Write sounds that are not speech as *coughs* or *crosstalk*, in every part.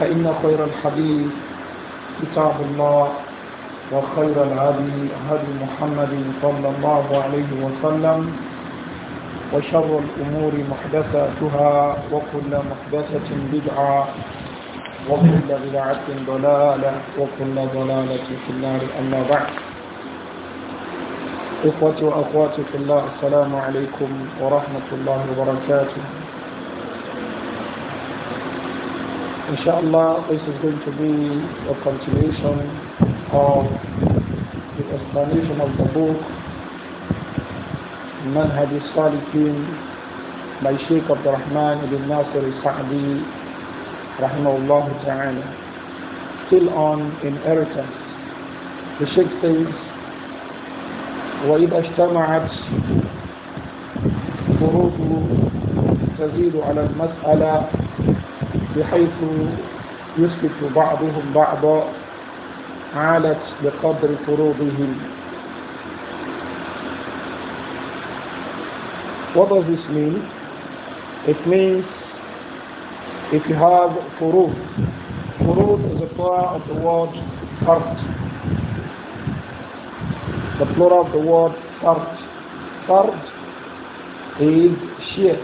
فإن خير الحديث كتاب الله وخير العدي هدي محمد صلى الله عليه وسلم وشر الأمور محدثاتها وكل محدثة بدعة وكل بدعة ضلالة وكل ضلالة في النار أما بعد إخوتي وأخواتي في الله السلام عليكم ورحمة الله وبركاته Inshallah, this is going to be a continuation of the explanation of the book منهج الصالحين by Sheikh عبد الرحمن بن ناصر السعدي رحمه الله تعالى still on inheritance the Sheikh says وإذا اجتمعت فروض تزيد على المسألة بحيث يثبت بعضهم بعضا عالت بقدر فروضهم What does this mean? It means if you have furud, furud is a plural of the word fard. The plural of the word fard. Fard is share.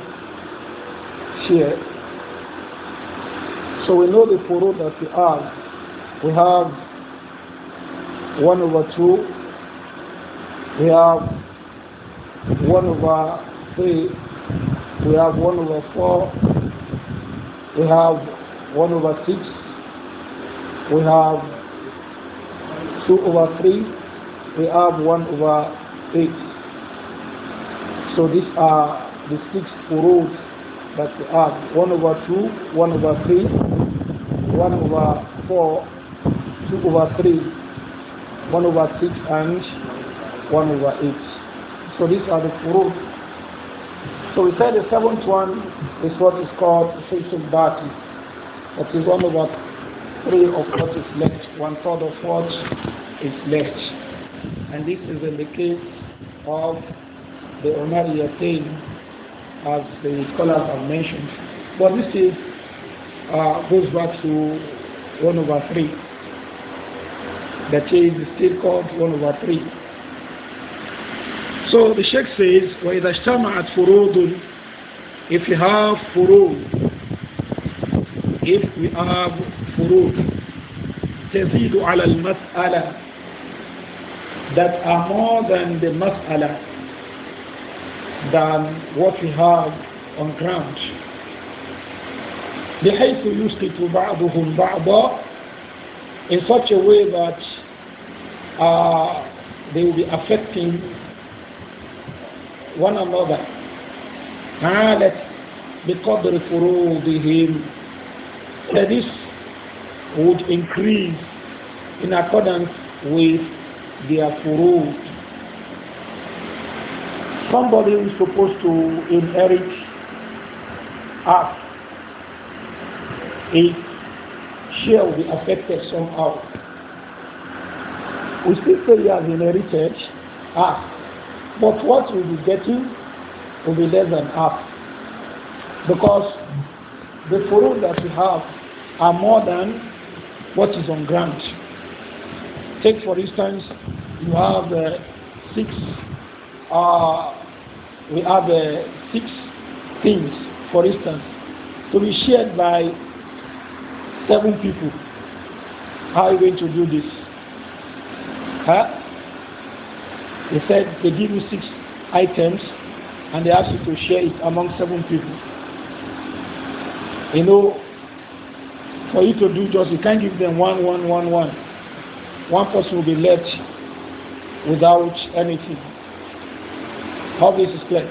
Share So we know the furud that we have. We have 1 over 2. We have 1 over 3. We have 1 over 4. We have 1 over 6. We have 2 over 3. We have 1 over 8. So these are the six rules that we have. One over two, one over three, 1 over 4, 2 over 3, 1 over 6, and 1 over 8. So these are the furud. So we said the seventh one is what is called Shaytul Baki. That is 1 over 3 of what is left, one third of what is left. And this is in the case of the Umariya thing, as the scholars have mentioned. But this is uh, goes back to 1 over 3. That is still called 1 over 3. So the Sheikh says, وَإِذَا اجْتَمَعَتْ فُرُودٌ If you have furud, if we have furud, تزيد على المسألة that are more than the mas'ala than what we have on ground. بحيث يسقط بعضهم بعضا in such a way that uh, they will be affecting one another عالت بقدر فروضهم that this would increase in accordance with their furud. Somebody is supposed to inherit us it shall be affected somehow. We still say you have inherited half, but what we will be getting will be less than half because the furrow that we have are more than what is on ground. Take for instance, you have uh, six. Uh, we have uh, six things, for instance, to be shared by seven people. How are you going to do this? Huh? They said they give you six items and they ask you to share it among seven people. You know, for you to do just, you can't give them one, one, one, one. One person will be left without anything. How this is clear.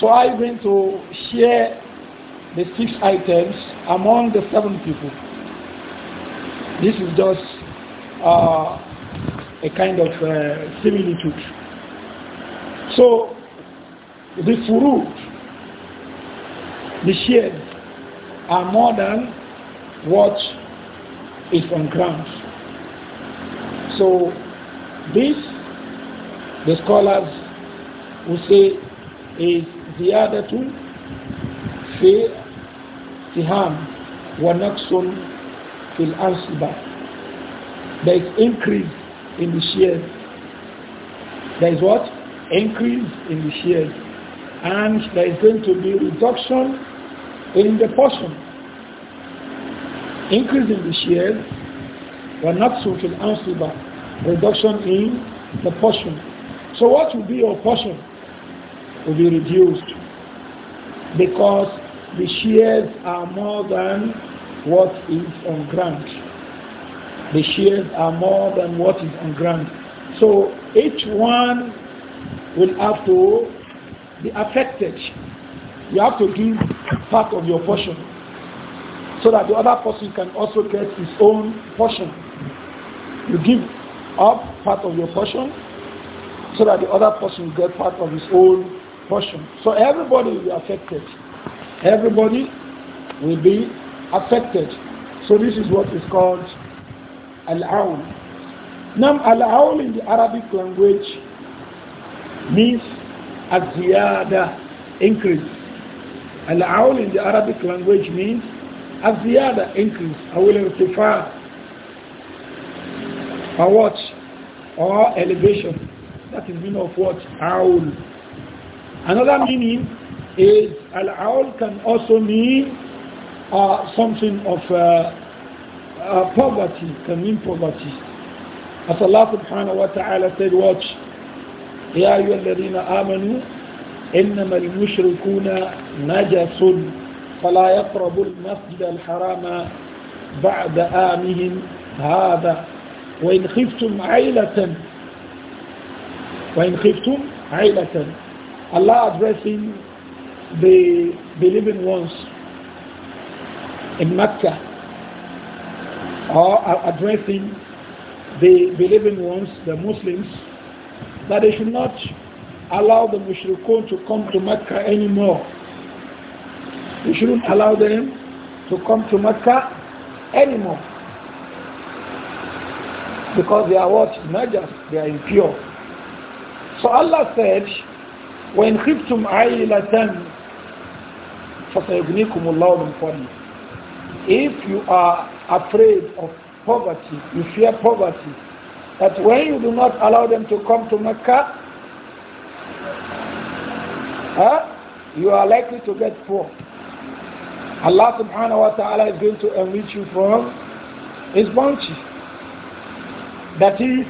So are you going to share the six items among the seven people? This is just uh, a kind of uh, similitude. So the fruit, the shade, are more than what is on ground. So this, the scholars will say, is the ziyadatun fi siham wa naqsun fil ansiba. There is increase in the shares. There is what? Increase in the shares. And there is going to be reduction in the portion. Increase in the shares, but not so fil ansiba. Reduction in the portion. So what will be your portion? Will be reduced because the shares are more than what is on ground. The shares are more than what is on ground. So each one will have to be affected. You have to give part of your portion so that the other person can also get his own portion. You give up part of your portion so that the other person will get part of his own portion. So everybody will be affected. Everybody will be affected. So this is what is called al-awl. Now al-awl in the Arabic language means aziyada, increase. Al-awl in the Arabic language means aziyada, increase. I will refer a watch or elevation. That is meaning of what? Awl. Another meaning is al-awl can also mean are something of uh, uh, poverty, can mean poverty. As Allah subhanahu wa ta'ala said, watch, يا أيها الذين آمنوا إنما المشركون نجس فلا يقربوا المسجد الحرام بعد آمهم هذا وإن خفتم عيلة وإن خفتم عيلة Allah addressing the believing ones in Mecca or are addressing the believing ones, the Muslims, that they should not allow the mushrikun to come to Mecca anymore. We shouldn't allow them to come to Mecca anymore. Because they are what? Najas, they are impure. So Allah said, وَإِنْ خِفْتُمْ عَيْلَةً فَسَيُغْنِيكُمُ اللَّهُ مِنْ فَضْلِهِ if you are afraid of poverty, you fear poverty, that when you do not allow them to come to Mecca, huh, you are likely to get poor. Allah subhanahu wa ta'ala is going to enrich you from his bounty. That is,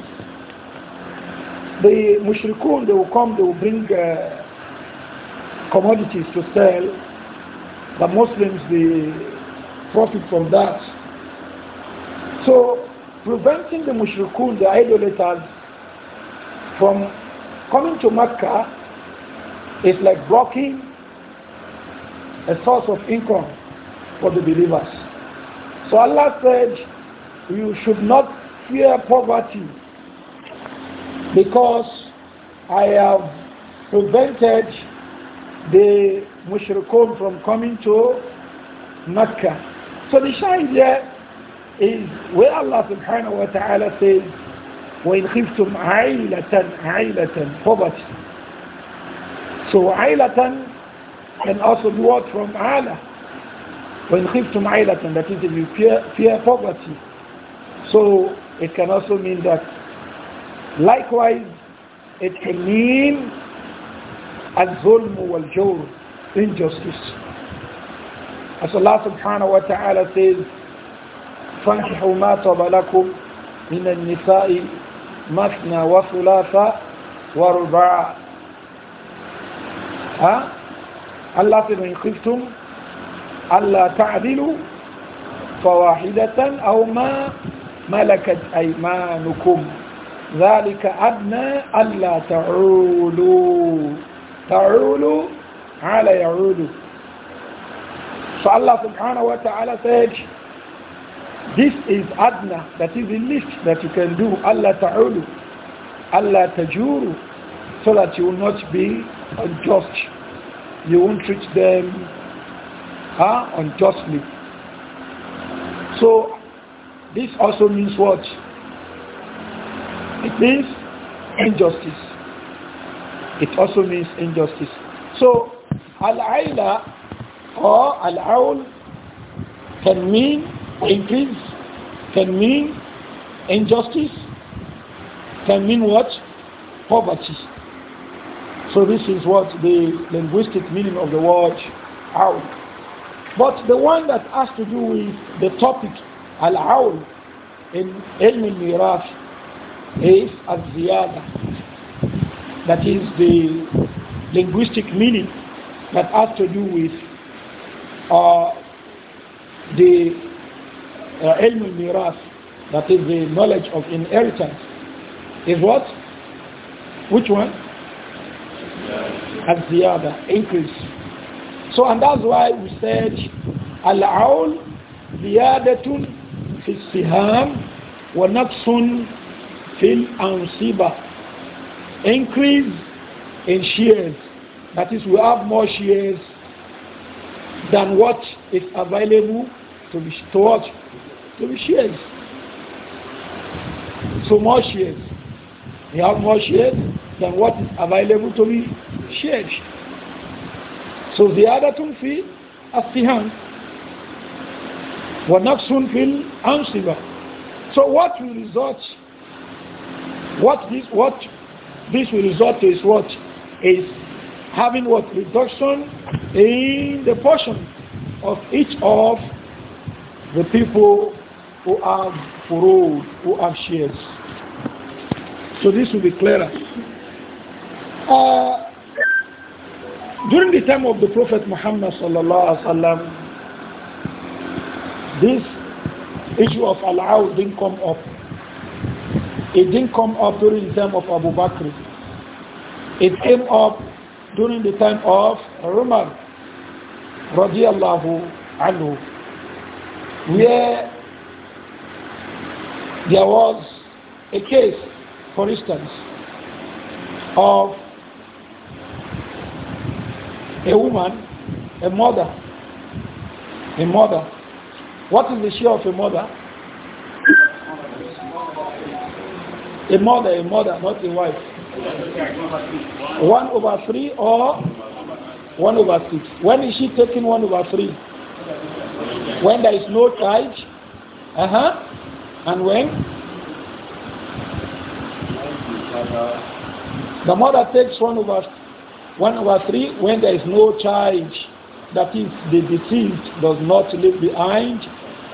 the mushrikun, they will come, they will bring uh, commodities to sell. The Muslims, the profit from that. So preventing the mushrikun, the idolaters, from coming to Mecca is like blocking a source of income for the believers. So Allah said, you should not fear poverty because I have prevented the mushrikun from coming to Mecca. So the idea is where Allah subhanahu wa ta'ala says, وَإِنْ خِفْتُمْ عَيْلَةً عَيْلَةً poverty. So عَيْلَةً can also be what from Allah. وَإِنْ خِفْتُمْ عَيْلَةً that is if you fear, fear poverty. So it can also mean that likewise it can mean الظلم والجور injustice As Allah subhanahu wa ta'ala says, فَانْكِحُوا مَا تَوَبَ لَكُمْ مِنَ النِّسَاءِ مَثْنَا وَثُلَاثَ وَرُبَعَ ها؟ Allah said, وَإِنْ خِفْتُمْ أَلَّا تَعْدِلُوا فَوَاحِدَةً أَوْ مَا مَلَكَتْ أَيْمَانُكُمْ ذَلِكَ أَدْنَى أَلَّا تَعُولُوا تَعُولُوا على يعودوا So Allah subhanahu wa ta'ala said, this is adna, that is the least that you can do. Allah ta'ulu, Allah tajuru, so that you will not be unjust. You won't treat them huh, unjustly. So this also means what? It means injustice. It also means injustice. So al-aila al-awl can mean increase, can mean injustice, can mean what? Poverty. So this is what the linguistic meaning of the word awl. But the one that has to do with the topic al-awl in ilm al-miraf is al-ziyada. That is the linguistic meaning that has to do with or the uh, miras that is the knowledge of inheritance, is what? Which one? As the other, increase. So and that's why we said al-aul ziyadatun fi siham wa naqsun fil ansiba. Increase in shares. That is, we have more shares than what is available to be to what? To be shared. So more shares. You have more shares than what is available to be shared. So the other two fee as the hand. soon feel الأنصبة so what will result what this what this will result is what is having what reduction in the portion of each of the people who have furrows, who have shares. So this will be clearer. Uh, during the time of the Prophet Muhammad sallallahu alaihi wasallam, this issue of alau didn't come up. It didn't come up during the time of Abu Bakr. It came up during the time of Umar radiallahu anhu where there was a case for instance of a woman a mother a mother what is the share of a mother a mother a mother not a wife 1 over 3 or 1 over 6. When is she taking 1 over 3? When there is no charge, Uh huh. And when? The mother takes 1 over, 1 over 3 when there is no charge. That is, the deceased does not leave behind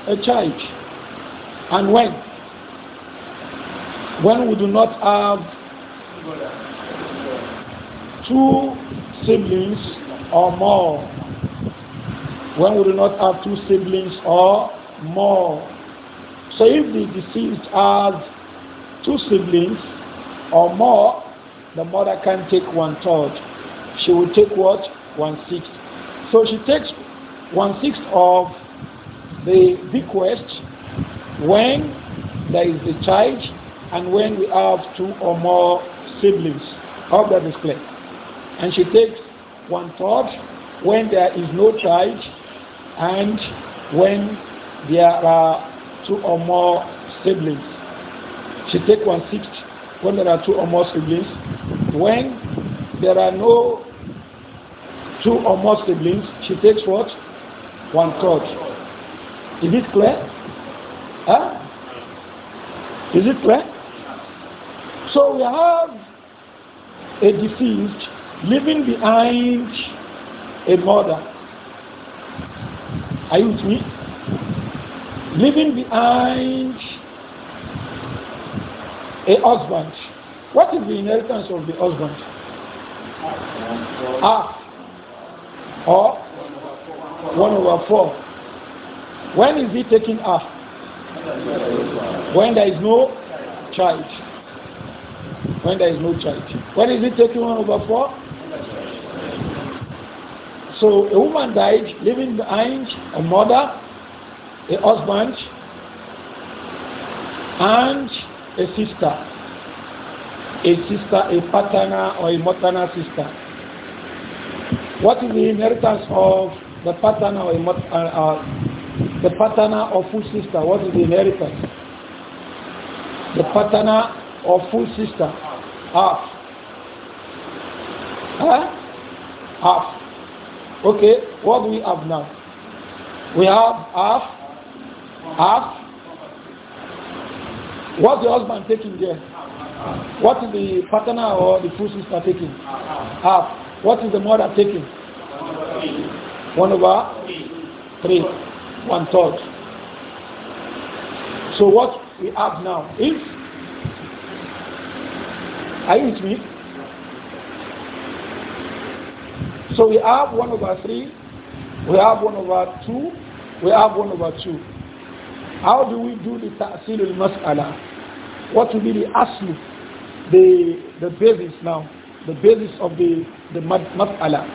a charge. And when? When we do not have two siblings or more. When we do not have two siblings or more. So if the deceased has two siblings or more, the mother can take one third. She will take what? One sixth. So she takes one sixth of the bequest when there is a child and when we have two or more siblings. Hope that is clear. And she takes one third when there is no child and when there are two or more siblings. She takes one sixth when there are two or more siblings. When there are no two or more siblings, she takes what? One third. Is it clear? Huh? Is it clear? So we have a deceased leaving behind a mother. Are you with me? Leaving behind a husband. What is the inheritance of the husband? Half ah. or one over four. When is he taking half? When there is no child. When there is no child. What is it taking 1 over 4? So a woman died, leaving behind a mother, a husband, and a sister. A sister, a paternal or a maternal sister. What is the inheritance of the paternal or uh, uh, the paternal or full sister? What is the inheritance? The paternal or full sister? Ah, Huh? Half. Okay, what do we have now? We have half, half. What's the husband taking there? What is the partner or the full sister taking? Half. What is the mother taking? One over three, one third. So what we have now is, are you with me? So we have 1 over 3, we have 1 over 2, we have 1 over 2. How do we do the ta'sil al-mas'ala? What will be the aslu, the, the basis now, the basis of the, the mas'ala?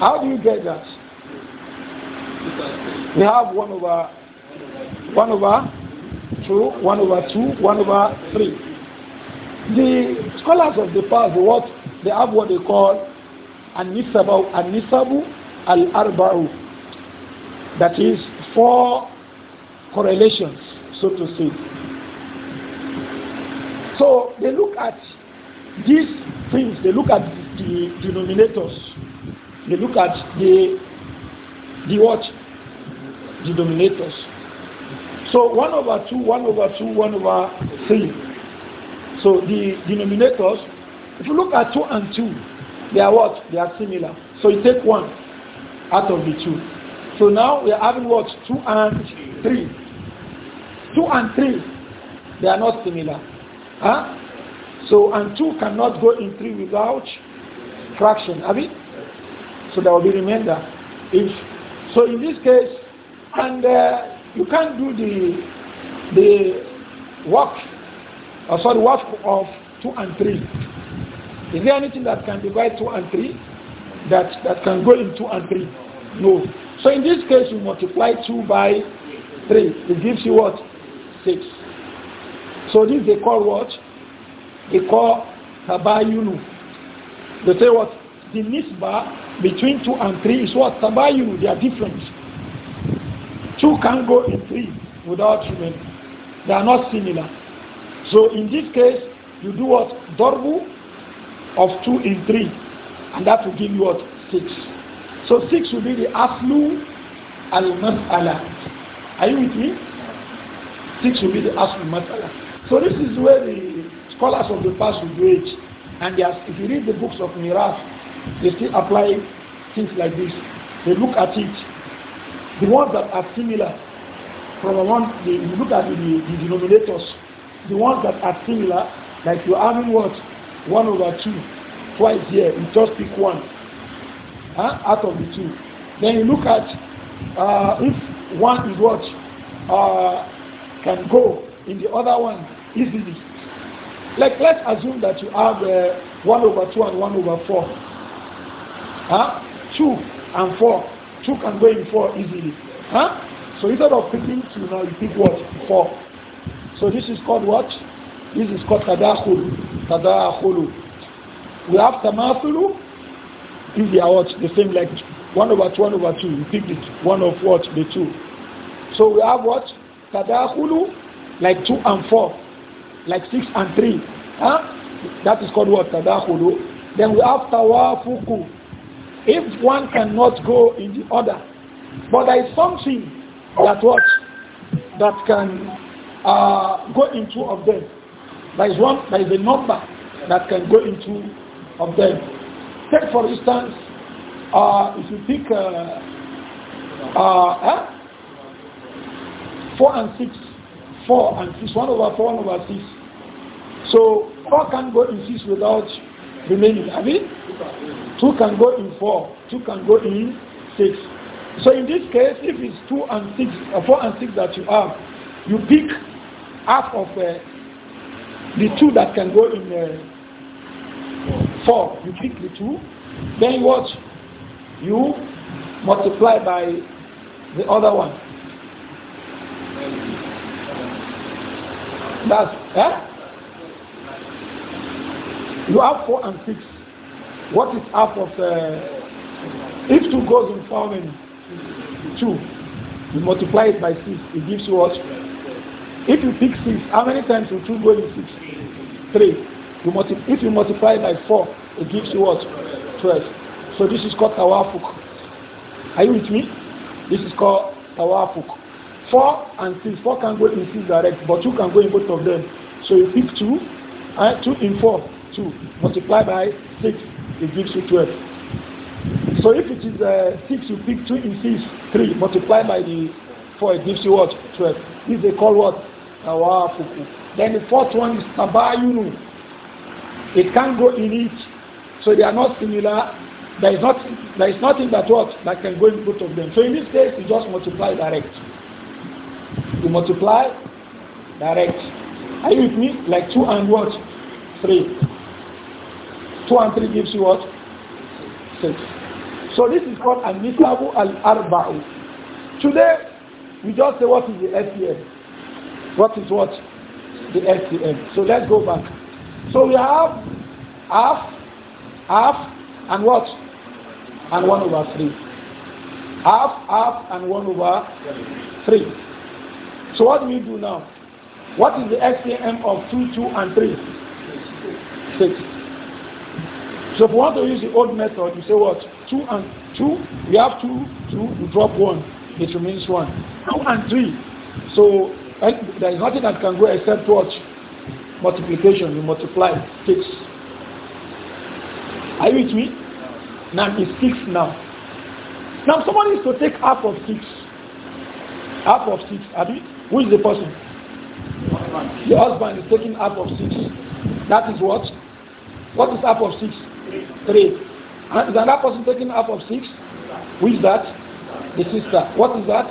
How do you get that? We have 1 over 1 over 2, 1 over 2, 1 over 3. The scholars of the past, what they have what they call anisabu, anisabu That is four correlations, so to say. So they look at these things, they look at the denominators, they look at the, the what? Denominators. So 1 over 2, 1 over 2, 1 over 3. So the denominators if you look at two and two, they are what? They are similar. So you take one out of the two. So now we are having what? Two and three. Two and three, they are not similar. Huh? So and two cannot go in three without fraction, have it? So there will be remainder. If so, in this case, and uh, you can't do the the work, uh, sorry, work of two and three is there anything that can divide two and three? That, that can go in two and three? No. So in this case, you multiply two by three. It gives you what? Six. So this they call what? They call tabayunu. They say what? The nisba between two and three is what? Tabayunu. They are different. Two can go in three without remaining. They are not similar. So in this case, you do what? Dorbu of 2 is 3. And that will give you what? 6. So 6 will be the aslu al-mas'ala. Are you with me? 6 will be the aslu mas'ala. So this is where the scholars of the past will do it. And yes, if you read the books of Miras, they still apply things like this. They look at it. The ones that are similar from among the, you look at the, the denominators, the ones that are similar, like you're having what? 1 over 2 twice here. You just pick one huh? out of the two. Then you look at uh, if one is what uh, can go in the other one easily. Like let's assume that you have uh, 1 over 2 and 1 over 4. Huh? 2 and 4. 2 can go in 4 easily. Huh? So instead of picking 2 now you pick what? 4. So this is called what? This is called tadakhul. Tadakhulu. We have tamathulu. If they are what? The same like 1 over 2, 1 over 2. You pick it. 1 of what? The 2. So we have what? Tadakhulu. Like 2 and 4. Like 6 and 3. Huh? That is called what? Tadakhulu. Then we have tawafuku. If one cannot go in the other. But there is something that what? That can uh, go in two of them. There is one, there is a number that can go into of them. Take for instance, uh, if you pick uh, uh, eh? four and six, four and six, one over four, one over six. So four can go in six without remaining. I mean, two can go in four, two can go in six. So in this case, if it's two and six, uh, four and six that you have, you pick half of uh, the two that can go in uh, four, you pick the two, then what? You multiply by the other one. That's eh? You have four and six. What is half of uh, if two goes in four many? Two. You multiply it by six, it gives you what? If you pick six, how many times will two go in six? 3. You if you multiply by 4, it gives you what? 12. So this is called tawafuk. Are you with me? This is called tawafuk. 4 and 6. 4 can go in 6 direct, but 2 can go in both of them. So you pick 2, and 2 in 4, 2. Multiply by 6, it gives you 12. So if it is uh, 6, you pick 2 in 6, 3. Multiply by the 4, it gives you what? 12. This they call what? tawafuku. Then the fourth one is tabayunu. It can't go in it. So they are not similar. There is, not, there is nothing that works that can go in both of them. So in this case, you just multiply direct. You multiply direct. Are you with me? Like two and what? Three. Two and three gives you what? Six. So this is called an nisabu al arba'u. Today, we just say what is the SES. What is what? The LCM. So let's go back. So we have half, half, and what? And 1 over 3. Half, half, and 1 over 3. So what do we do now? What is the LCM of 2, 2, and 3? 6. So if you want to use the old method, you say what? 2 and 2, we have 2, 2, We drop 1, it remains 1. 2 and 3. So and there is nothing that can go except what? Multiplication. You multiply six. Are you with me? Now it's six now. Now somebody is to take half of six. Half of six. Are you? Who is the person? The husband is taking half of six. That is what? What is half of six? Three. And is another person taking half of six? Who is that? The sister. What is that?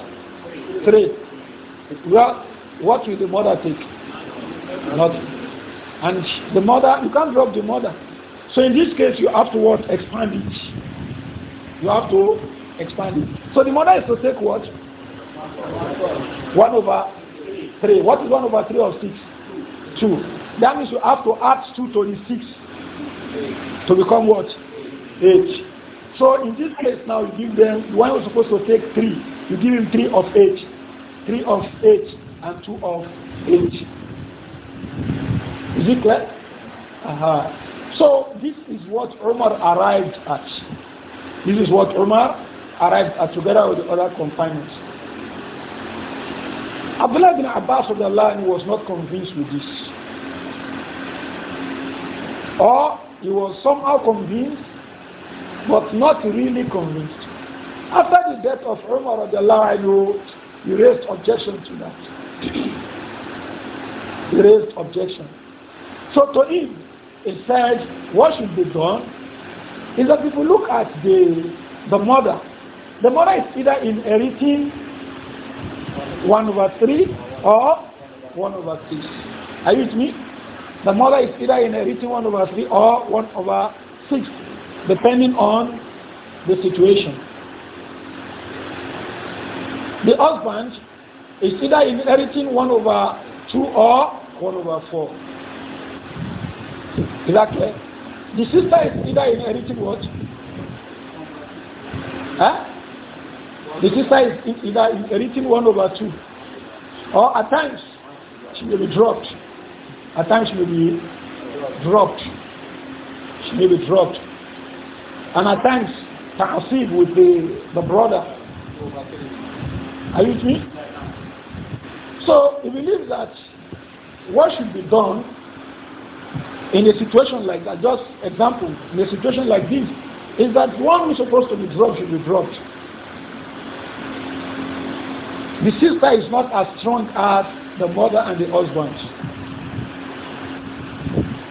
Three. Well, what will the mother take? Nothing. And the mother, you can't drop the mother. So in this case, you have to what? Expand it. You have to expand it. So the mother is to take what? One over three. What is one over three or six? Two. That means you have to add two to the six to become what? Eight. So in this case now, you give them, the one was supposed to take three, you give him three of eight. Three of eight and two of each. Is it clear? Uh -huh. So this is what Omar arrived at. This is what Omar arrived at together with the other companions. Abdullah bin Abbas of the line was not convinced with this. Or he was somehow convinced, but not really convinced. After the death of Omar Umar, he raised objection to that. *coughs* raised objection. So to him, he said, what should be done is that if you look at the, the mother, the mother is either inheriting 1 over 3 or 1 over 6. Are you with me? The mother is either inheriting 1 over 3 or 1 over 6, depending on the situation. The husband it's either inheriting 1 over 2 or 1 over 4. Is that clear? The sister is either inheriting what? Huh? The sister is either inheriting 1 over 2 or at times she may be dropped. At times she may be dropped. She may be dropped. And at times ta'asib with the, the brother. Are you with me? So he believes that what should be done in a situation like that, just example, in a situation like this, is that one who's supposed to be dropped should be dropped. The sister is not as strong as the mother and the husband.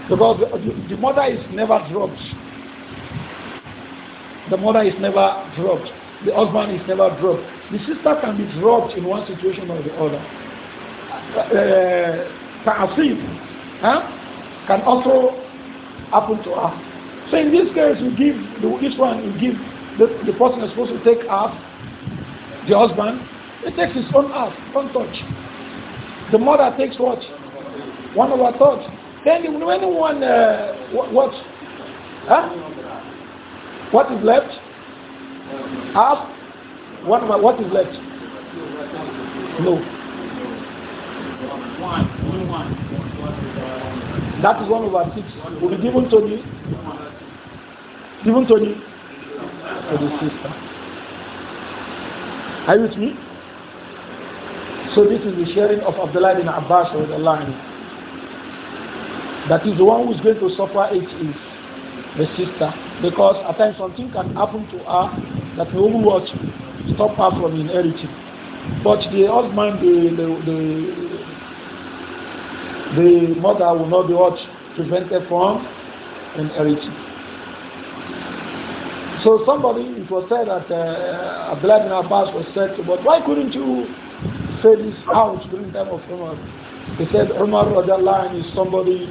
Because the, the mother is never dropped. The mother is never dropped. The husband is never dropped. The sister can be dropped in one situation or the other. Uh, ta'asif huh? can also happen to us. So in this case, you give the, this one, you give the, the person is supposed to take half, the husband, he takes his own half, one touch. The mother takes what? One of our touch. Then when one, uh, what, Huh? What is left? Half? What what is left? No. That is one over six. Will be given to me. Given to me. To the sister. Are you with me? So this is the sharing of Abdullah bin Abbas with Allah. That is the one who is going to suffer it is the sister. Because at times something can happen to her that will watch stop her from inheriting. But the husband, the, the, the the mother will not be what prevented from inheriting. So somebody, it was said that uh, in bin Abbas was said, to, but why couldn't you say this out during the time of Umar? He said, Umar line. is somebody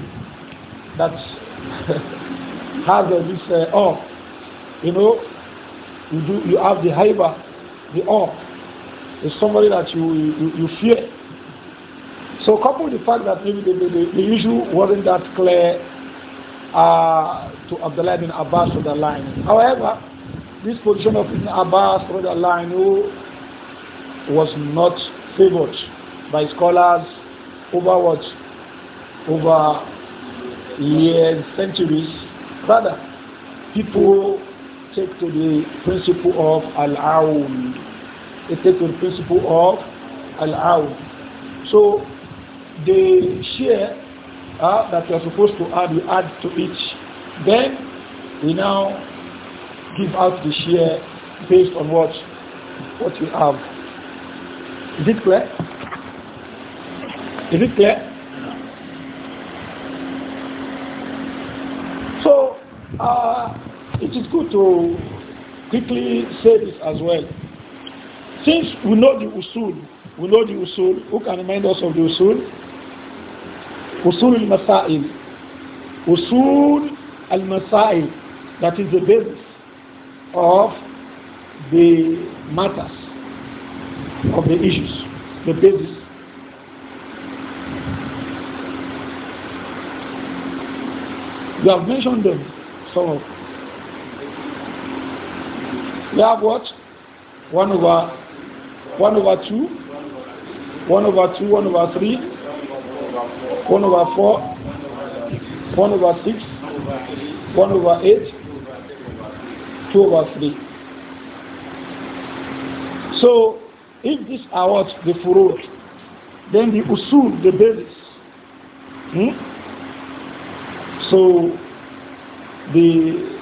that *laughs* has this uh, awe. You know, you, do, you have the haiba, the awe. It's somebody that you, you, you fear. So coupled with the fact that maybe the, the, the issue wasn't that clear uh, to Abdullah bin Abbas for the line. However, this position of Ibn Abbas for the line who was not favored by scholars over what? Over years, centuries. Rather, people take to the principle of al-awl. They take to the principle of al-awl. So the share uh, that you're supposed to add, you add to each. Then we now give out the share based on what what we have. Is it clear? Is it clear? So uh, it is good to quickly say this as well. Since we know the usul, we know the usul, who can remind us of the usul? usul al-masail usul al-masail that is the basis of the matters of the issues the basis you have mentioned them so we have what one over one over two one over two one over three 1 over 4, 1 over 6, 1 over 8, 2 over 3. So, if these are what the furor, then the usul, the basis. Hmm? So, the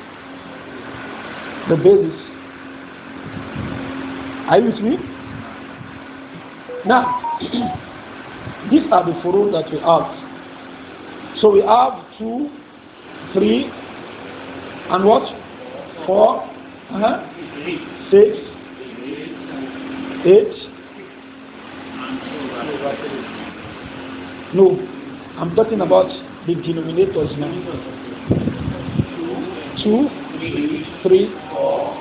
the basis. Are you with me? Now, *clears throat* These are the four that we have. So we have two, three, and what? 4 uh -huh, six, eight. No, I'm talking about the denominators now. Two, three,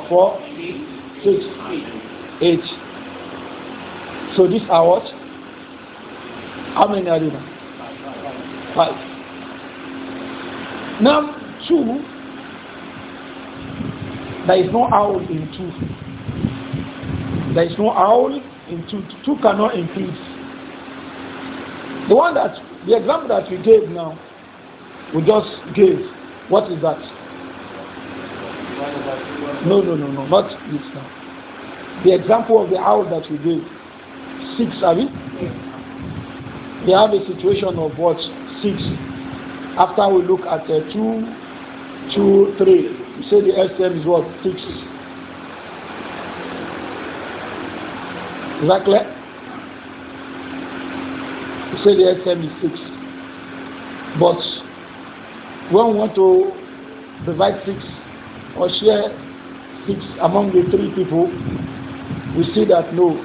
four, six, eight. So these are what? How many are there? Five. Now, two, there is no owl in two. There is no owl in two. Two cannot increase. The one that, the example that we gave now, we just gave, what is that? No, no, no, no, not this now. The example of the owl that we gave, six, are we? they have a situation of what? Six. After we look at uh, two, two, three, we say the SM is what? Six. Is that clear? We say the SM is six. But when we want to divide six or share six among the three people, we see that no,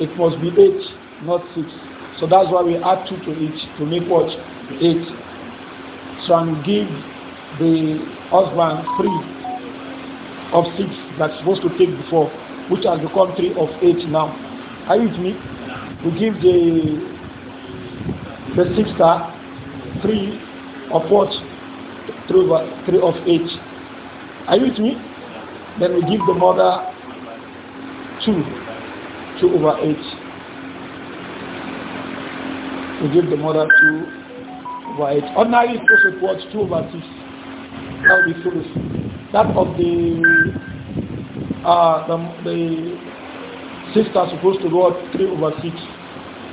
it must be eight, not six. So that's why we add two to each to make what? Eight. So and give the husband three of six that's supposed to take before, which has become three of eight now. Are you with me? We give the the sister three of what? Three of, three of eight. Are you with me? Then we give the mother two, two over eight. To give the mother two white. Ordinary is supposed to two over six. That would be foolish. That of the uh, the, the sister supposed to go three over six.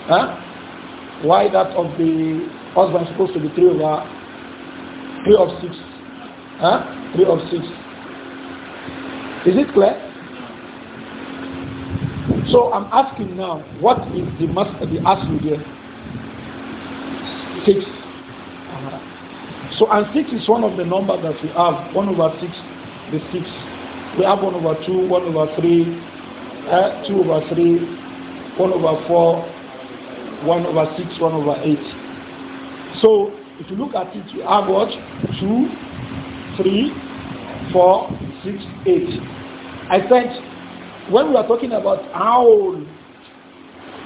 Huh? Why that of the husband supposed to be three over three of six? Huh? Three of six. Is it clear? So I'm asking now, what is the master, the asking here? six. So, and six is one of the numbers that we have. One over six, the six. We have one over two, one over three, uh, two over three, one over four, one over six, one over eight. So, if you look at it, we have what? Two, three, four, six, eight. I said, when we are talking about how,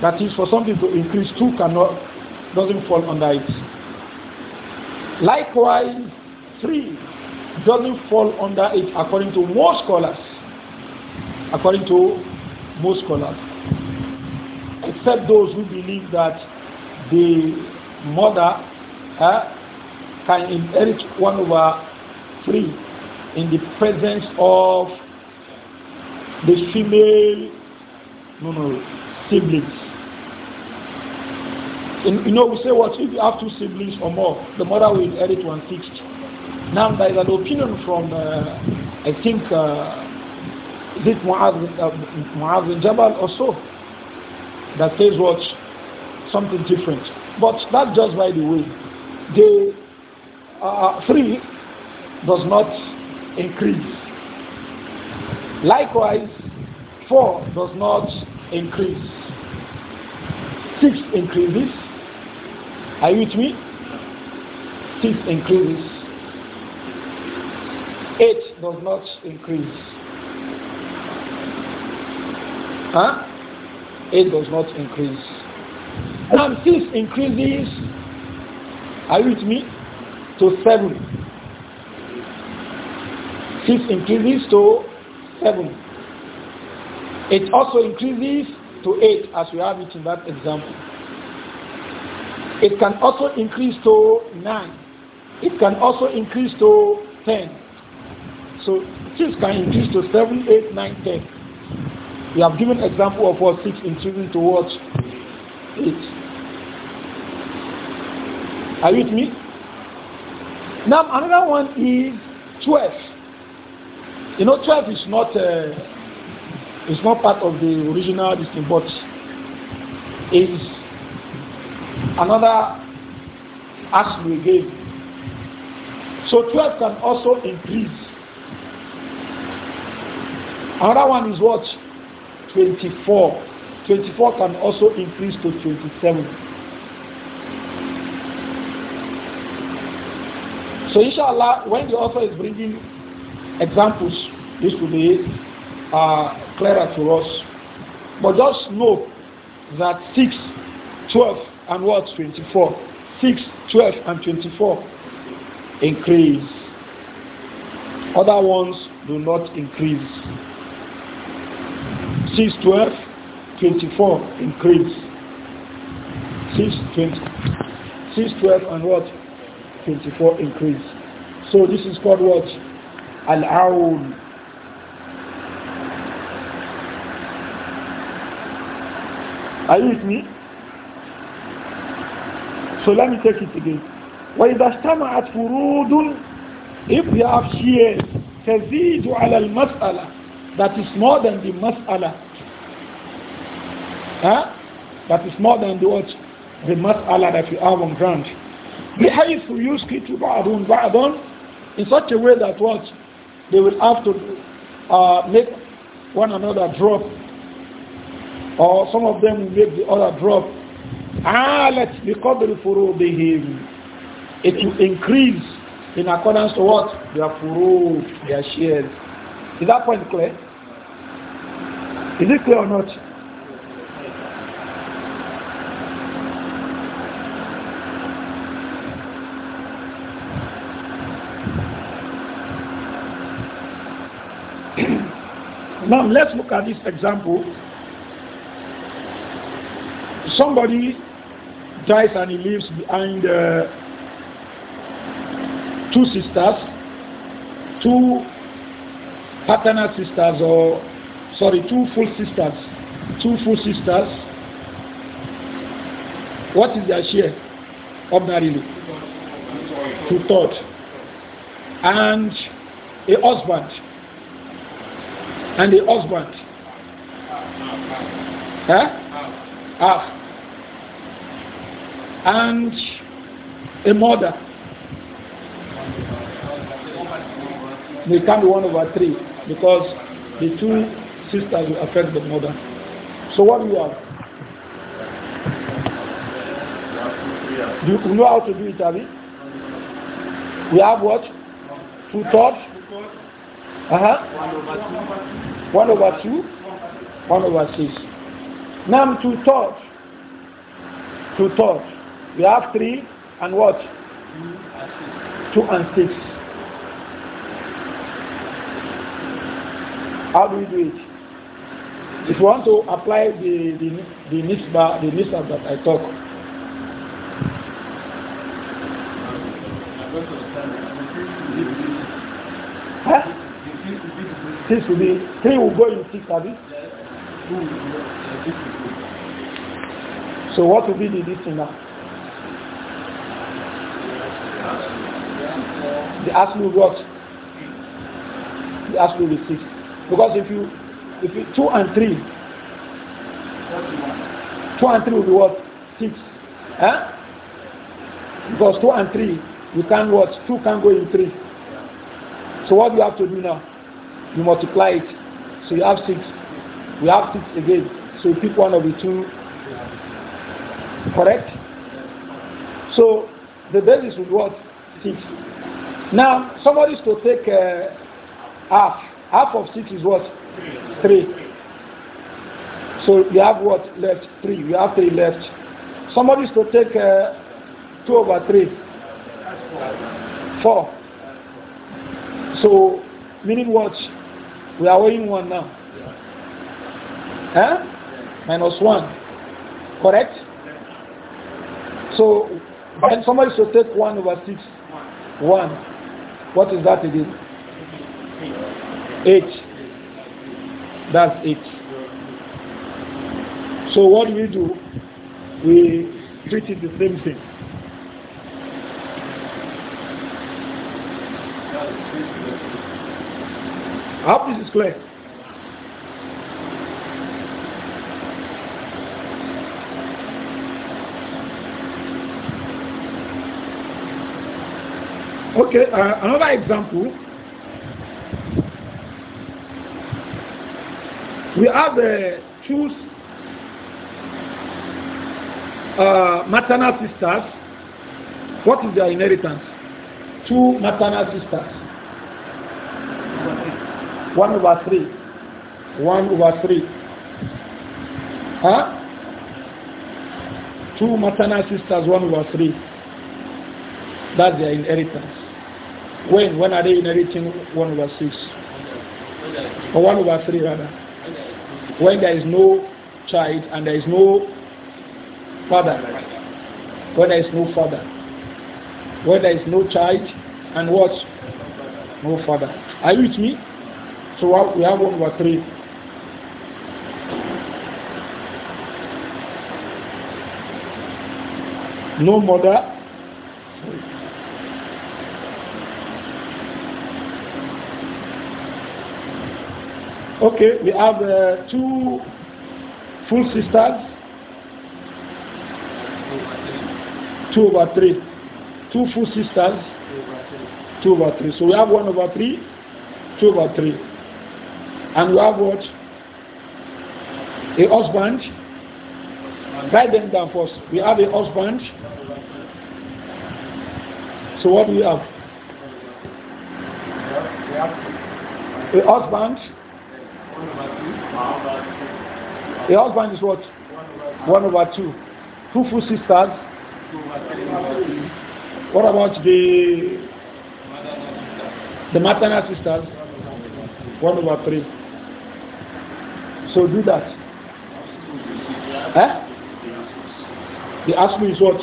that is for something to increase, two cannot doesn't fall under it. Likewise, three doesn't fall under it according to most scholars. According to most scholars. Except those who believe that the mother uh, can inherit one over three in the presence of the female no, no, siblings you know, we say what if you have two siblings or more, the mother will inherit one sixth. Now, there is an opinion from, uh, I think, uh, is it Muaz, uh, Jabal or so, that says what? Something different. But that just by the way, the uh, three does not increase. Likewise, four does not increase. Six increases, are you with me? Six increases. Eight does not increase. Huh? Eight does not increase. Now six increases. Are you with me? To seven. Six increases to seven. It also increases to eight as we have it in that example. It can also increase to 9. It can also increase to 10. So 6 can increase to 7, 8, 9, 10. We have given example of what 6 increasing to 8. Are you with me? Now another one is 12. You know 12 is not uh, it's not part of the original distinct, but is Another as we gave. So 12 can also increase. Another one is what? 24. 24 can also increase to 27. So inshallah, when the author is bringing examples, this will be uh, clearer to us. But just know that 6, 12, and what? 24. 6, 12, and 24 increase. Other ones do not increase. 6, 12, 24 increase. 6, 20, 6, 12, and what? 24 increase. So this is called what? Al-Aul. Are you with me? So let me take it again. if you have shears تزيد على المسألة that is more than the mas'ala huh? that is more than the what the mas'ala that you have on ground بحيث يسكت بعضهم بعضا in such a way that what they will have to uh, make one another drop or some of them will make the other drop alat biqadri furudihim it will increase in accordance to what their furud their shares is that point clear is it clear or not *clears throat* Now let's look at this example. Somebody dies and he leaves behind uh, two sisters, two paternal sisters, or sorry, two full sisters, two full sisters. What is their share Two Two third, and a husband, and a husband. Huh? Half and a mother, They can't be one over three because the two sisters will affect the mother. So what do you have? Do you know how to do it, Abby? We have what? Two thoughts? Uh-huh. One over two? One over six. Now two thoughts. Two thoughts. We have three and what? Two and six. How do we do it? If you want to apply the the the nisba, the nisba that I talk. Huh? Six will be three will go in six, have So what will be the this now? The me what? The Aslu is 6. Because if you, if you, 2 and 3, 2 and 3 will be what? 6. Huh? Because 2 and 3, you can't what? 2 can't go in 3. So what you have to do now? You multiply it. So you have 6. We have 6 again. So you pick one of the two. Correct? So the basis is what? Six. Now, somebody is to take uh, half. Half of six is what? Three. So you have what left? Three. You have three left. Somebody is to take uh, two over three. Four. So, meaning what? We are weighing one now. Huh? Minus one. Correct? So and somebody should take 1 over 6. 1. What is that again? 8. That's 8. So what we do? We treat it the same thing. I hope this is clear. Okay, uh, another example. We have the uh, two uh, maternal sisters. What is their inheritance? Two maternal sisters. One over three. One over three. Huh? Two maternal sisters, one over three. That's their inheritance. When? When are they inheriting 1 over 6? Or 1 over 3 rather? When there is no child and there is no father. When there is no father. When there is no child and what? No father. Are you with me? So we have 1 over 3. No mother, Okay, we have uh, two full sisters. Two over three. Two full sisters. Two over three. So we have one over three, two over three. And we have what? A husband. Write them down first. We have a husband. So what do we have? A husband. A husband is what? One over two. Two full sisters. What about the the maternal sisters? One over three. So do that. Eh? The asthma is what?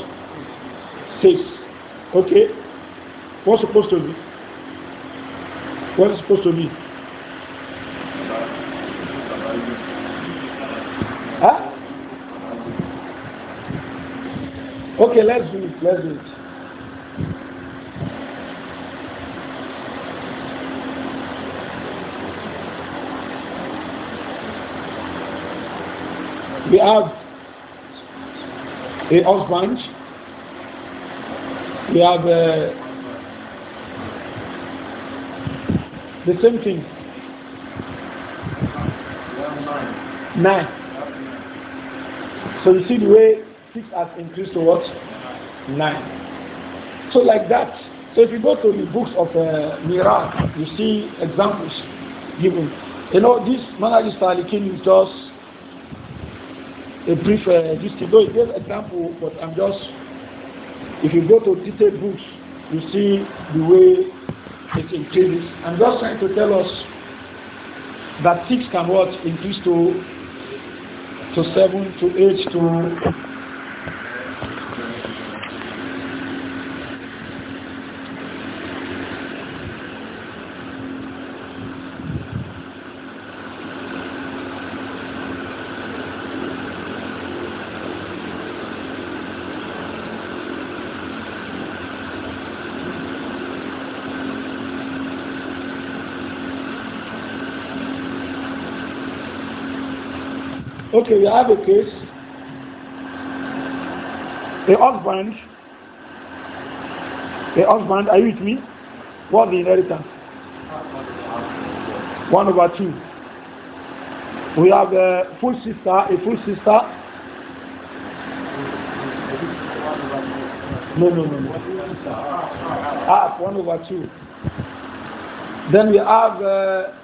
Six. Okay. What's supposed to be? What's supposed to be? Okay, let's do it, let's do it. We have a husband, we have a uh, The same thing. Nine. So you see the way six has increased to what? Nine. So like that. So if you go to the books of uh, Mirah, you see examples given. You know, this Manhaj Salikin is just a brief, uh, just to go an example, but I'm just, if you go to detailed books, you see the way it increases. I'm just trying to tell us that six can what? Increase to to seven, to eight, to okay, we have a case. A husband, a husband, are you with me? What's the inheritance? One over two. We have a full sister, a full sister. No, no, no, no. Half, ah, one over two. Then we have a,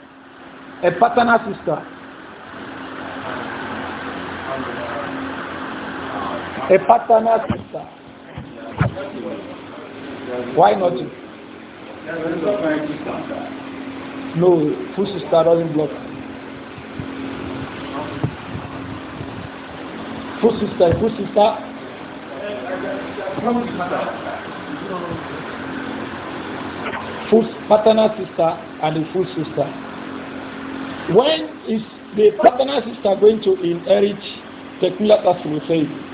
uh, a paternal sister. a paternal sister. Why not? No, full sister doesn't block. Full sister, full sister. Full paternal sister and a full sister. When is the paternal sister going to inherit the we say?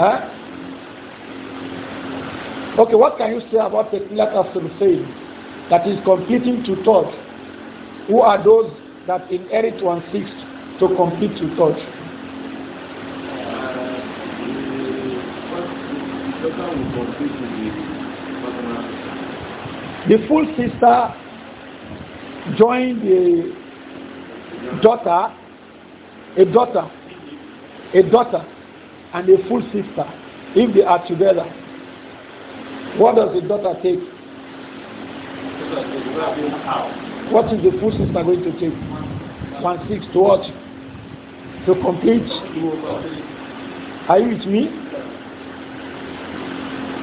Huh? Okay, what can you say about the pillar of saying that is completing to touch? Who are those that inherit one sixth to complete to touch? The full sister joined the daughter, a daughter, a daughter and a full sister if they are together. What does the daughter take? What is the full sister going to take? One six to what? To complete. Are you with me?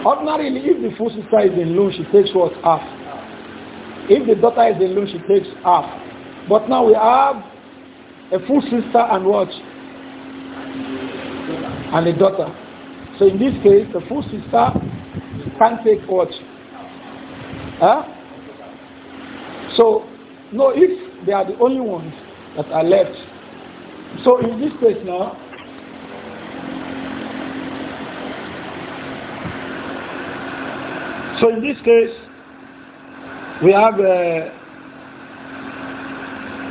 Ordinarily, if the full sister is in loan, she takes what? Half. If the daughter is in loan, she takes half. But now we have a full sister and what? and a daughter. So in this case, the full sister can take what? Huh? So, no, if they are the only ones that are left. So in this case now, so in this case, we have uh,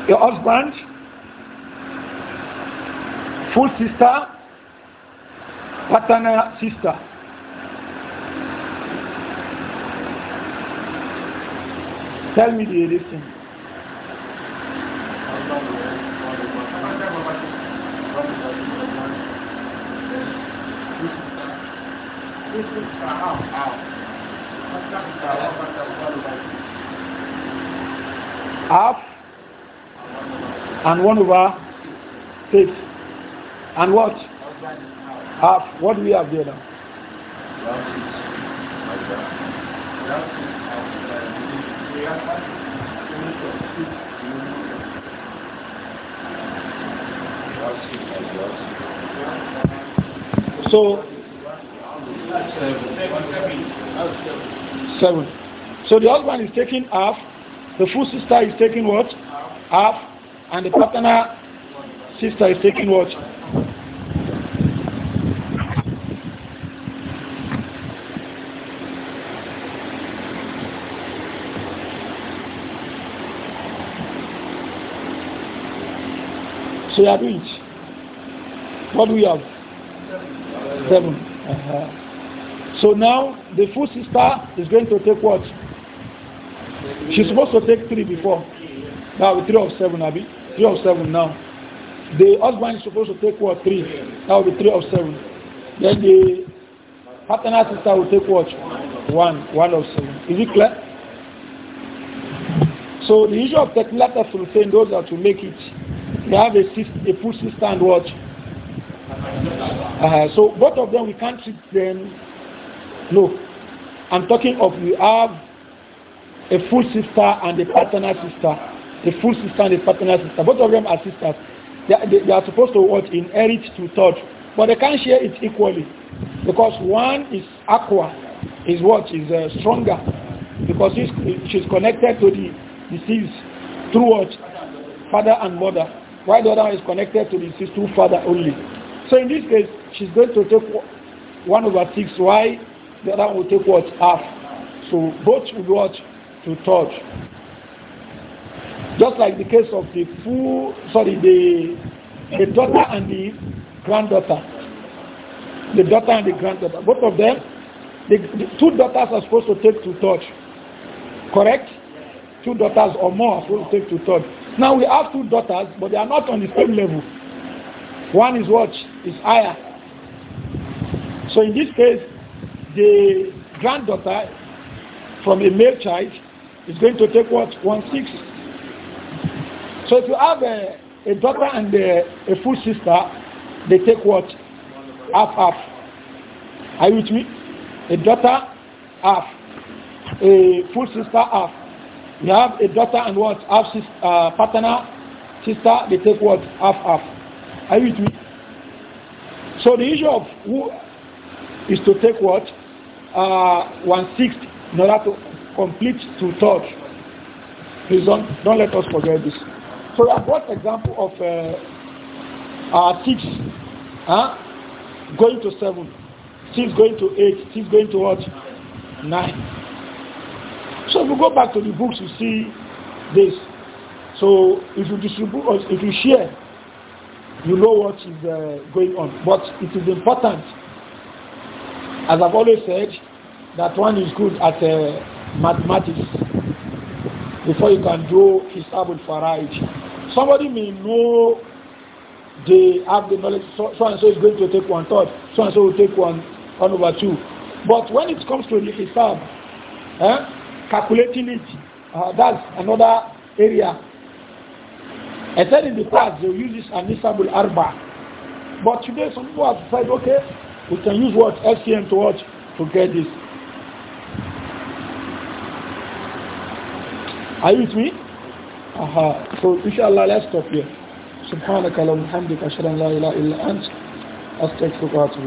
your husband, full sister, paternal sister tell me the reason half and one over six and what? Half. What do we have there now? So seven. So the husband is taking half, the full sister is taking what? Half, and the partner sister is taking what? we are rich. What do we have? Seven. Uh -huh. So now the full sister is going to take what? She's supposed to take three before. Now three of seven, Abby. Three of seven now. The husband is supposed to take what? Three. Now the three of seven. Then the partner sister will take what? One. One of seven. Is it clear? So the issue of teklat those are to make it they have a, a full sister and watch. Uh, uh-huh. so both of them, we can't treat them. No. I'm talking of we have a full sister and a paternal sister. A full sister and a paternal sister. Both of them are sisters. They, they, they are supposed to watch Inherit to touch, But they can't share it equally. Because one is aqua, is what? Is uh, stronger. Because she's, she's connected to the disease through what? Father and mother while the other one is connected to the sister, father only. So in this case, she's going to take one over six, Why the other one will take what? Half. So both will watch to touch. Just like the case of the full, sorry, the, the daughter and the granddaughter. The daughter and the granddaughter. Both of them, the, the two daughters are supposed to take two thirds. Correct? Two daughters or more are supposed to take to touch. Now we have two daughters, but they are not on the same level. One is what? Is higher. So in this case, the granddaughter from a male child is going to take what? One sixth. So if you have a, a daughter and a, a full sister, they take what? Half, half. Are you with me? A daughter, half. A full sister, half you have a daughter and what? Half sister, uh, partner, sister, they take what? Half, half. Are you with me? So the issue of who is to take what? Uh, one-sixth in order to complete two-thirds. Please don't, don't let us forget this. So I brought example of uh, uh, six huh? going to seven, six going to eight, six going to what? Nine. So if you go back to the books, you see this. So if you distribute, uh, if you share, you know what is uh, going on. But it is important, as I've always said, that one is good at uh, mathematics before you can do his abul faraj. Somebody may know they have the knowledge, so, so and so is going to take one third, so and so will take one, one over two. But when it comes to the hisab, eh, calculating it, uh, that's another area. I said in the past they use this admissible arba. But today some people have decided, okay, we can use what? SCM to watch to get this. Are you with me? Aha. Uh-huh. So inshallah let's stop here. سبحانك اللهم وبحمدك اشهد ان لا اله الا انت استغفرك واتوب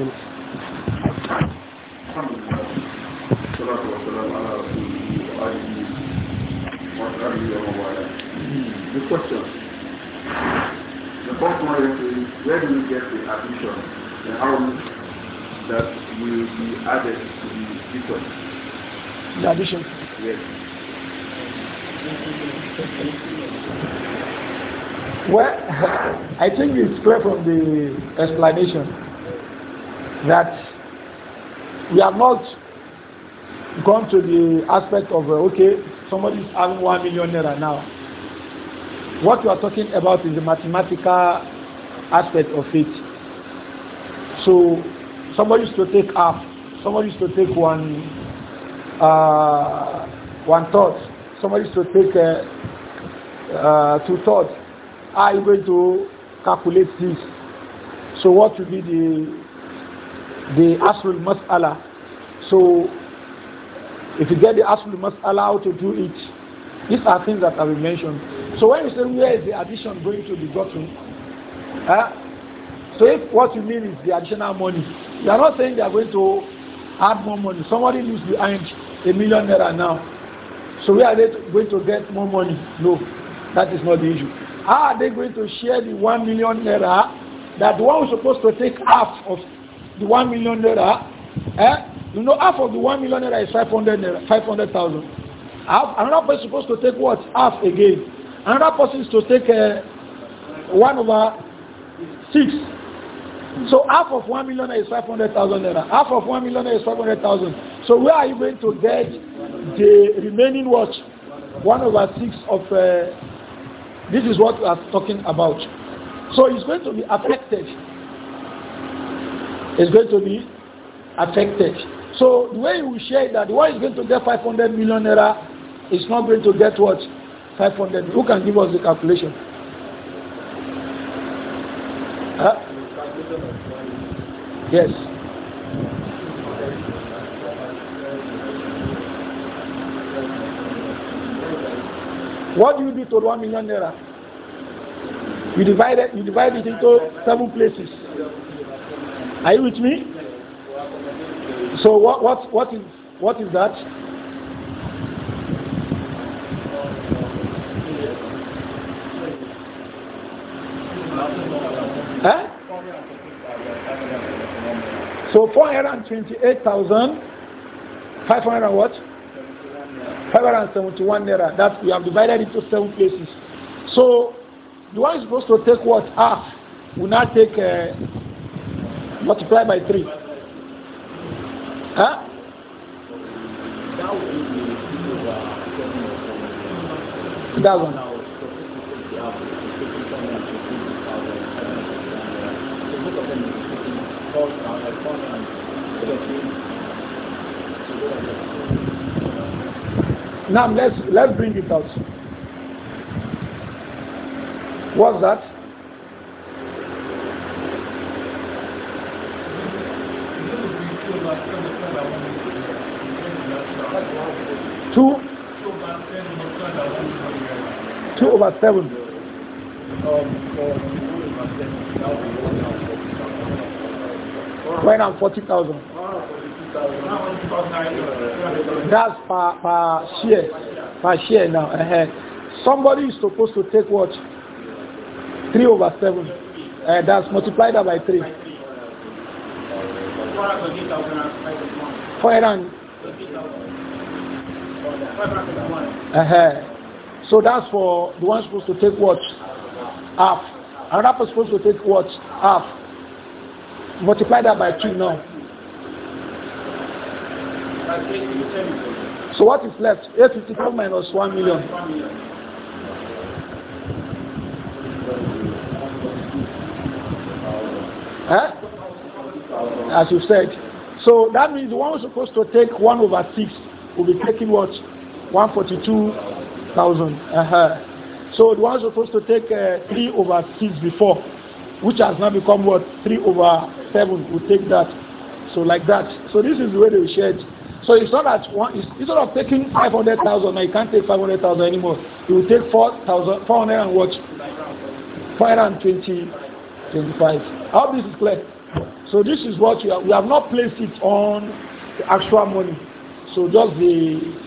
اليك The question. The first one is where do we get the addition, the arms that will be added to the deacon? The addition? Yes. Well, *laughs* I think it's clear from the explanation that we have not gone to the aspect of, uh, okay, somebody is having 1 million naira now. What you are talking about is the mathematical aspect of it. So somebody used to take half, somebody used to take one, uh, one third, somebody used to take uh, uh, two thirds. Are you going to calculate this? So what will be the the actual Allah? So if you get the absolute must allow to do it. These are things that have been mentioned. So when you say where is the addition going to be gotten, uh, so if what you mean is the additional money, you are not saying they are going to add more money. Somebody leaves behind a million naira now. So where are they going to get more money? No, that is not the issue. How are they going to share the one million naira that the one who's supposed to take half of the one million naira eh, You know, half of the one million naira is five five hundred 500,000. 500, Another person supposed to take what? Half again. Another person is to take uh, one over six. So half of one million is five hundred thousand naira. Half of one million is five hundred thousand. So where are you going to get the remaining watch? one over six of... Uh, this is what we are talking about. So it's going to be affected. It's going to be affected. So the way you share that the one is going to get five hundred million naira is not going to get what? five hundred. Who can give us the calculation? Huh? Yes. What do you do to one million naira? You divide it, you divide it into seven places. Are you with me? So what, what, what, is, what is that? Huh? So 428,500 what? 571 naira. That we have divided into seven places. So the one is supposed to take what half will now take uh, multiply by three. Now let's let's bring it out. What's that? over seven. One and forty thousand. That's per, per share. Per share now. Uh -huh. Somebody is supposed to take what? Three over seven. Uh, that's multiplied that by three. Four hundred. Uh -huh. So that's for the one supposed to take what? Half. Another person supposed to take what? Half. Multiply that by two now. So what is left? Eight fifty-four minus 1 million. Huh? As you said. So that means the one who's supposed to take 1 over 6 will be taking what? 142 thousand. Uh-huh. So it was supposed to take uh, three over six before, which has now become what three over seven. We take that. So like that. So this is the way they shared. So it's not that one. It's, instead of taking five hundred thousand, now you can't take five hundred thousand anymore. You will take four thousand, four hundred and what? Five hundred twenty, twenty-five. I hope this is clear. So this is what we have not placed it on the actual money. So just the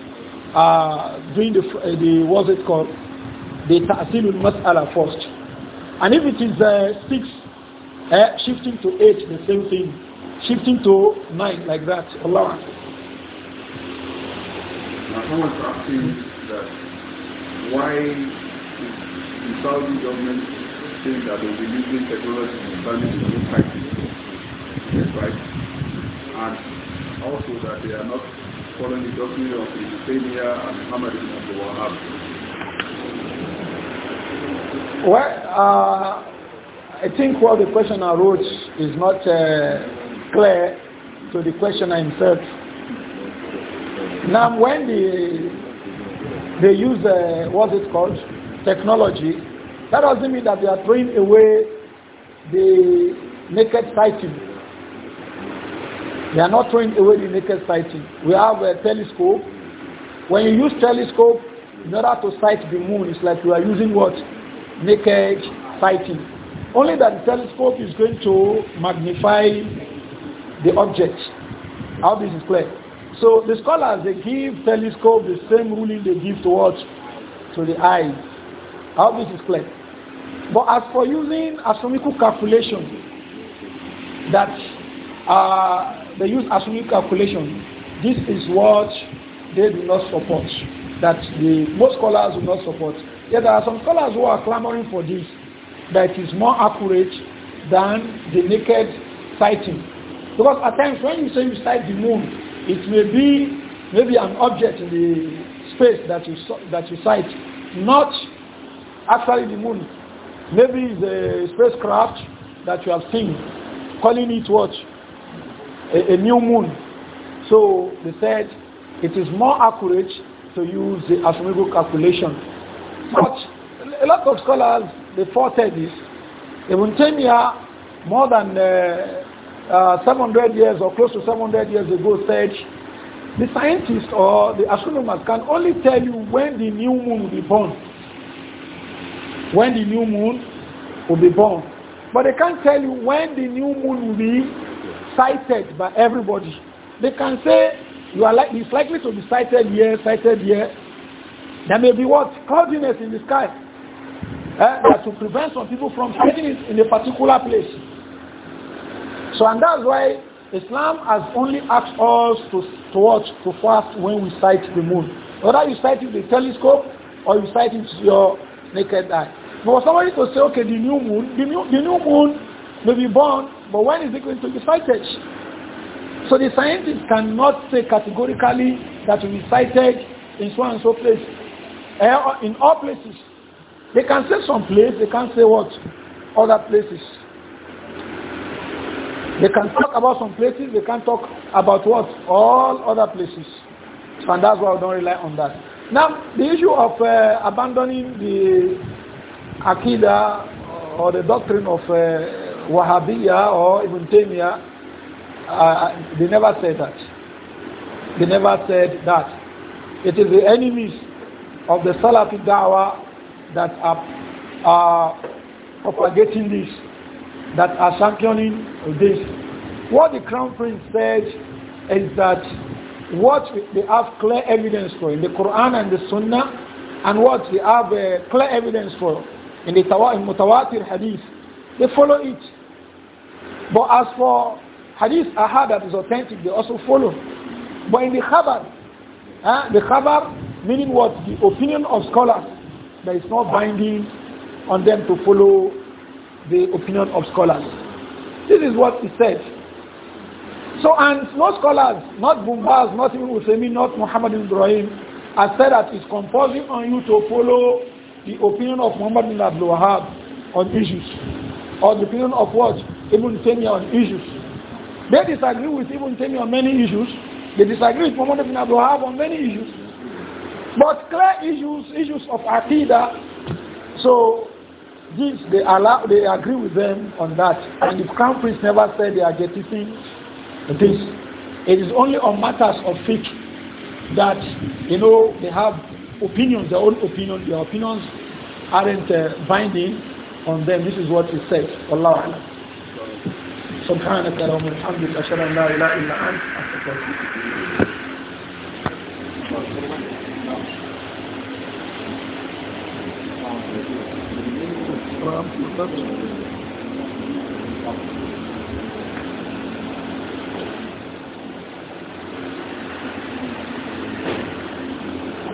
uh, doing the, uh, the what's it called, the ta'asilul mas'ala first. And if it is uh, 6, uh, shifting to 8, the same thing. Shifting to 9, like that. Allah. Now someone's asking that why the Saudi government saying that they will be using technology in Islamic practice, right? And also that they are not following the doctrine of and Muhammad ibn Wahab? Well, uh, I think what the questioner wrote is not uh, clear to the questioner himself. Now, when the, they use, uh, what's it called, technology, that doesn't mean that they are throwing away the naked sighting we are not throwing away the naked sighting. We have a telescope. When you use telescope, in order to sight the moon, it's like you are using what? Naked sighting. Only that the telescope is going to magnify the object. How this is clear. So the scholars, they give telescope the same ruling they give to what? To the eye. How this is clear. But as for using astronomical calculation, that uh, they use astronomical calculation. This is what they do not support, that the most scholars do not support. Yet there are some scholars who are clamoring for this, that it is more accurate than the naked sighting. Because at times when you say you sight the moon, it may be maybe an object in the space that you, that you sight, not actually the moon. Maybe it's a spacecraft that you have seen, calling it what? a, a new moon. So they said it is more accurate to use the astronomical calculation. But a lot of scholars, they faulted this. ten year, ah, more than uh, uh, 700 years or close to 700 years ago, said the scientists or the astronomers can only tell you when the new moon will be born. When the new moon will be born. But they can't tell you when the new moon will be cited by everybody. They can say you are like, it's likely to be cited here, cited here. There may be what? Cloudiness in the sky. Eh, that to prevent some people from citing in a particular place. So and that's why Islam has only asked us to, to watch, to fast when we sight the moon. Whether you sight it with a telescope or you sight it with your naked eye. But for somebody to say, okay, the new moon, the new, the new moon may be born, but when is it going to be sighted? So the scientists cannot say categorically that we sighted in so and so place, eh, in all places. They can say some place, they can't say what? Other places. They can talk about some places, they can't talk about what? All other places. And that's why I don't rely on that. Now, the issue of uh, abandoning the Akida or the doctrine of uh, Wahhabiyya or Ibn Taymiyyah, uh, uh, they never said that. They never said that. It is the enemies of the Salafi Dawa that are uh, propagating this, that are sanctioning this. What the Crown Prince said is that what they have clear evidence for in the Quran and the Sunnah, and what they have uh, clear evidence for in the Mutawatir Hadith they follow it. But as for hadith ahad that is authentic, they also follow. But in the khabar, the khabar meaning what? The opinion of scholars that is not binding on them to follow the opinion of scholars. This is what he said. So, and no scholars, not Bumbaz, not even Usemi, not Muhammad Ibrahim, has said that it's compulsory on you to follow the opinion of Muhammad ibn Abdul Wahab on issues or the opinion of what? Ibn Taymiyyah on issues. They disagree with Ibn Taymiyyah on many issues. They disagree with Muhammad ibn Abdul have on many issues. But clear issues, issues of Aqidah, so this, they, allow, they agree with them on that. And if Crown Prince never said they are getting this. It is only on matters of faith that, you know, they have opinions, their own opinions. Their opinions aren't uh, binding on them. This is what he said. Wallahu alam. سبحانك اللهم وبحمدك أشهد أن لا إله إلا أنت أستغفرك